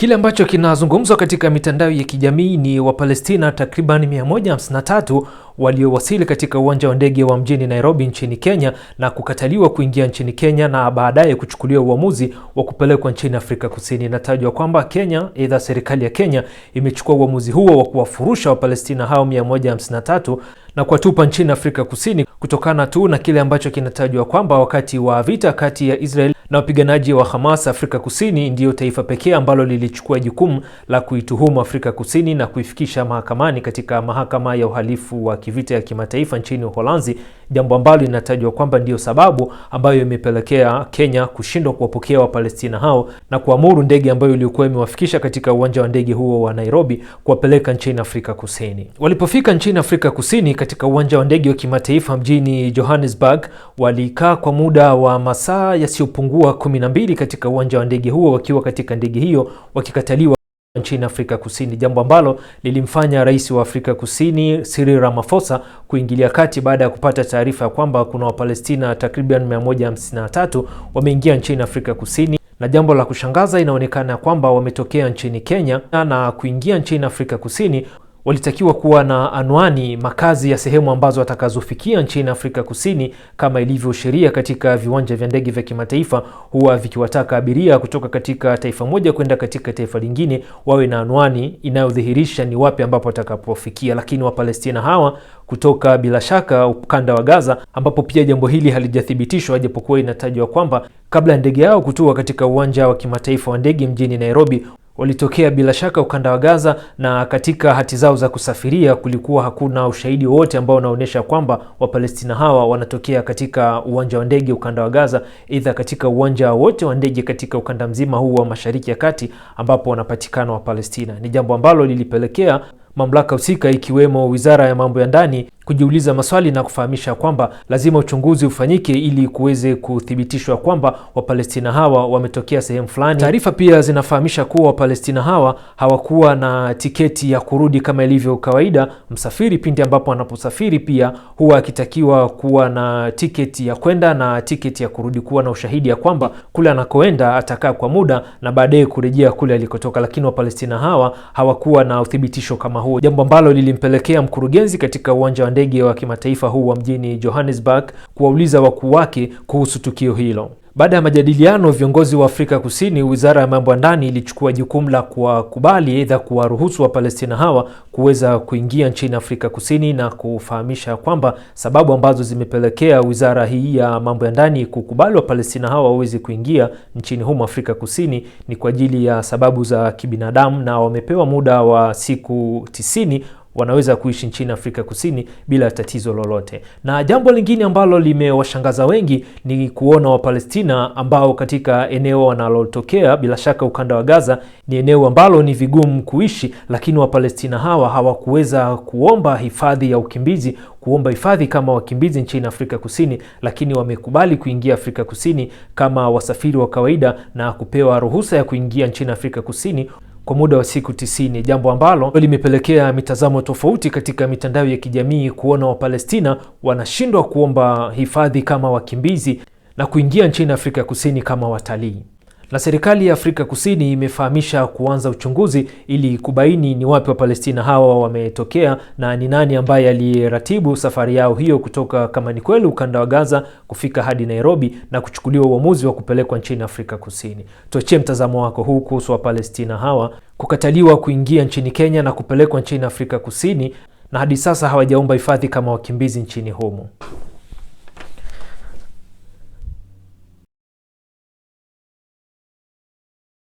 Kile ambacho kinazungumzwa katika mitandao ya kijamii ni Wapalestina takriban 153 waliowasili katika uwanja wa ndege wa mjini Nairobi nchini Kenya na kukataliwa kuingia nchini Kenya na baadaye kuchukuliwa uamuzi wa kupelekwa nchini Afrika Kusini. Inatajwa kwamba Kenya, aidha serikali ya Kenya imechukua uamuzi huo wa kuwafurusha Wapalestina hao 153 na kuwatupa nchini Afrika Kusini kutokana tu na kile ambacho kinatajwa kwamba wakati wa vita kati ya Israel na wapiganaji wa Hamas Afrika Kusini ndiyo taifa pekee ambalo lilichukua jukumu la kuituhumu Afrika Kusini na kuifikisha mahakamani katika mahakama ya uhalifu wa kivita ya kimataifa nchini Uholanzi, jambo ambalo linatajwa kwamba ndiyo sababu ambayo imepelekea Kenya kushindwa kuwapokea Wapalestina hao na kuamuru ndege ambayo iliyokuwa imewafikisha katika uwanja wa ndege huo wa Nairobi kuwapeleka nchini Afrika Kusini. Walipofika nchini Afrika Kusini katika uwanja wa ndege wa kimataifa mjini Johannesburg, walikaa kwa muda wa masaa yasiyopungua kuwa 12 katika uwanja wa ndege huo wakiwa katika ndege hiyo wakikataliwa nchini Afrika Kusini, jambo ambalo lilimfanya rais wa Afrika Kusini Cyril Ramaphosa kuingilia kati baada ya kupata taarifa ya kwamba kuna Wapalestina takriban 153 wameingia nchini Afrika Kusini na jambo la kushangaza inaonekana kwamba wametokea nchini Kenya na kuingia nchini Afrika Kusini walitakiwa kuwa na anwani makazi ya sehemu ambazo watakazofikia nchini Afrika Kusini kama ilivyo sheria katika viwanja vya ndege vya kimataifa, huwa vikiwataka abiria kutoka katika taifa moja kwenda katika taifa lingine wawe na anwani inayodhihirisha ni wapi ambapo watakapofikia. Lakini Wapalestina hawa kutoka bila shaka ukanda wa Gaza, ambapo pia jambo hili halijathibitishwa, japokuwa inatajwa kwamba kabla ya ndege yao kutua katika uwanja wa kimataifa wa ndege mjini Nairobi walitokea bila shaka ukanda wa Gaza, na katika hati zao za kusafiria kulikuwa hakuna ushahidi wowote ambao unaonyesha kwamba Wapalestina hawa wanatokea katika uwanja wa ndege ukanda wa Gaza, aidha katika uwanja wote wa ndege katika ukanda mzima huu wa Mashariki ya Kati ambapo wanapatikana Wapalestina. Ni jambo ambalo lilipelekea mamlaka husika ikiwemo Wizara ya Mambo ya Ndani kujiuliza maswali na kufahamisha kwamba lazima uchunguzi ufanyike ili kuweze kuthibitishwa kwamba Wapalestina hawa wametokea sehemu fulani. Taarifa pia zinafahamisha kuwa Wapalestina hawa hawakuwa na tiketi ya kurudi kama ilivyo kawaida. Msafiri pindi ambapo anaposafiri pia huwa akitakiwa kuwa na tiketi ya kwenda na tiketi ya kurudi, kuwa na ushahidi ya kwamba kule anakoenda atakaa kwa muda na baadaye kurejea kule alikotoka, lakini Wapalestina hawa hawakuwa na uthibitisho kama huo, jambo ambalo lilimpelekea mkurugenzi katika uwanja ndege wa kimataifa huu wa mjini Johannesburg kuwauliza wakuu wake kuhusu tukio hilo. Baada ya majadiliano, viongozi wa Afrika Kusini, wizara ya mambo ya ndani ilichukua jukumu la kuwakubali, aidha kuwaruhusu Wapalestina hawa kuweza kuingia nchini Afrika Kusini na kufahamisha kwamba sababu ambazo zimepelekea wizara hii ya mambo ya ndani kukubali Wapalestina hawa waweze kuingia nchini humo Afrika Kusini ni kwa ajili ya sababu za kibinadamu, na wamepewa muda wa siku tisini wanaweza kuishi nchini Afrika Kusini bila tatizo lolote. Na jambo lingine ambalo limewashangaza wengi ni kuona Wapalestina ambao katika eneo wanalotokea, bila shaka ukanda wa Gaza ni eneo ambalo ni vigumu kuishi, lakini Wapalestina hawa hawakuweza kuomba hifadhi ya ukimbizi kuomba hifadhi kama wakimbizi nchini Afrika Kusini, lakini wamekubali kuingia Afrika Kusini kama wasafiri wa kawaida na kupewa ruhusa ya kuingia nchini Afrika Kusini kwa muda wa siku tisini, jambo ambalo limepelekea mitazamo tofauti katika mitandao ya kijamii kuona Wapalestina wanashindwa kuomba hifadhi kama wakimbizi na kuingia nchini Afrika Kusini kama watalii. Na serikali ya Afrika Kusini imefahamisha kuanza uchunguzi ili kubaini ni wapi Wapalestina hawa wametokea na ni nani ambaye aliratibu safari yao hiyo kutoka kama ni kweli ukanda wa Gaza kufika hadi Nairobi na kuchukuliwa uamuzi wa kupelekwa nchini Afrika Kusini. Tuachie mtazamo wako huu kuhusu Wapalestina hawa kukataliwa kuingia nchini Kenya na kupelekwa nchini Afrika Kusini na hadi sasa hawajaomba hifadhi kama wakimbizi nchini humo.